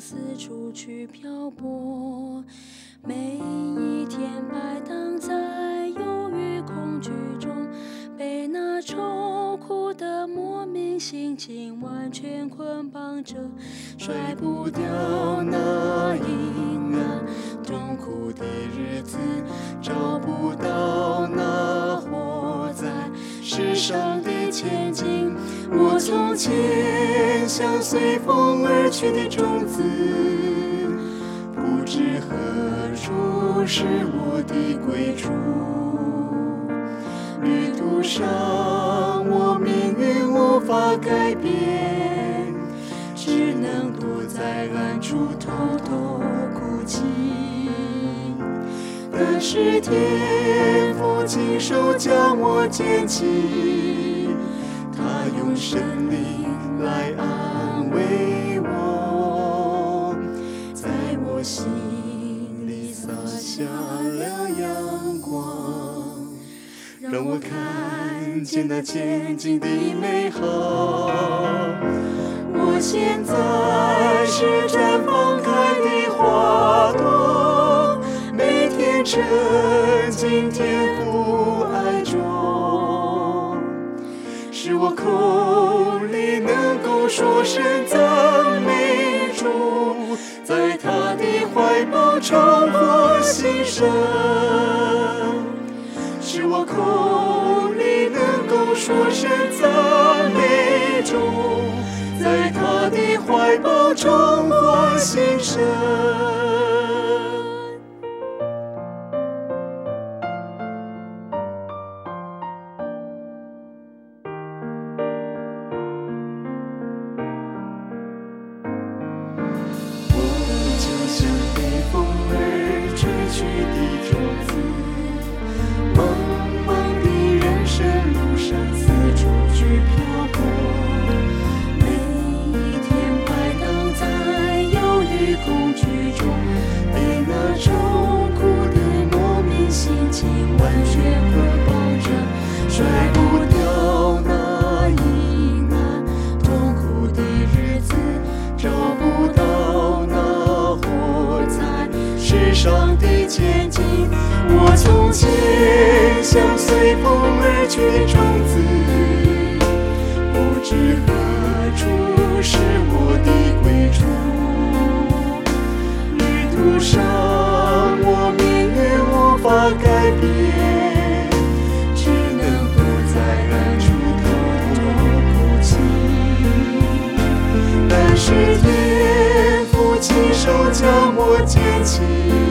四處去漂泊，每一天擺盪在憂鬱恐懼中，被那愁苦的莫名心情完全綑綁着，甩不掉那陰暗痛苦的日子，找不到那活在世上的。前進，我從前像隨風而去的種子，不知何處是我的歸處。旅途上，我命運無法改變，只能躲在暗處偷偷哭泣。是天父親手將我撿起，他用聖靈來安慰我，在我心裡灑下了陽光，讓我看見那前景的美好。我現在是，沉浸在天父愛中，使我口裡能夠說聲讚美主，在他的懷抱重獲新生。使我口裡能夠說聲讚美主，在他的懷抱重獲新生。的粒種子，茫茫的人生路上四處去漂泊，每一天擺盪在憂鬱恐懼中，被那愁苦的莫名心情完全綑綁着，甩不掉那陰暗痛苦的日子，找不到那活在世上的，前景，我從前像隨風而去的種子，不知何處是我的歸處。旅途上，我命運無法改變，只能躲在暗處偷偷哭泣。但是天父親手將我撿起。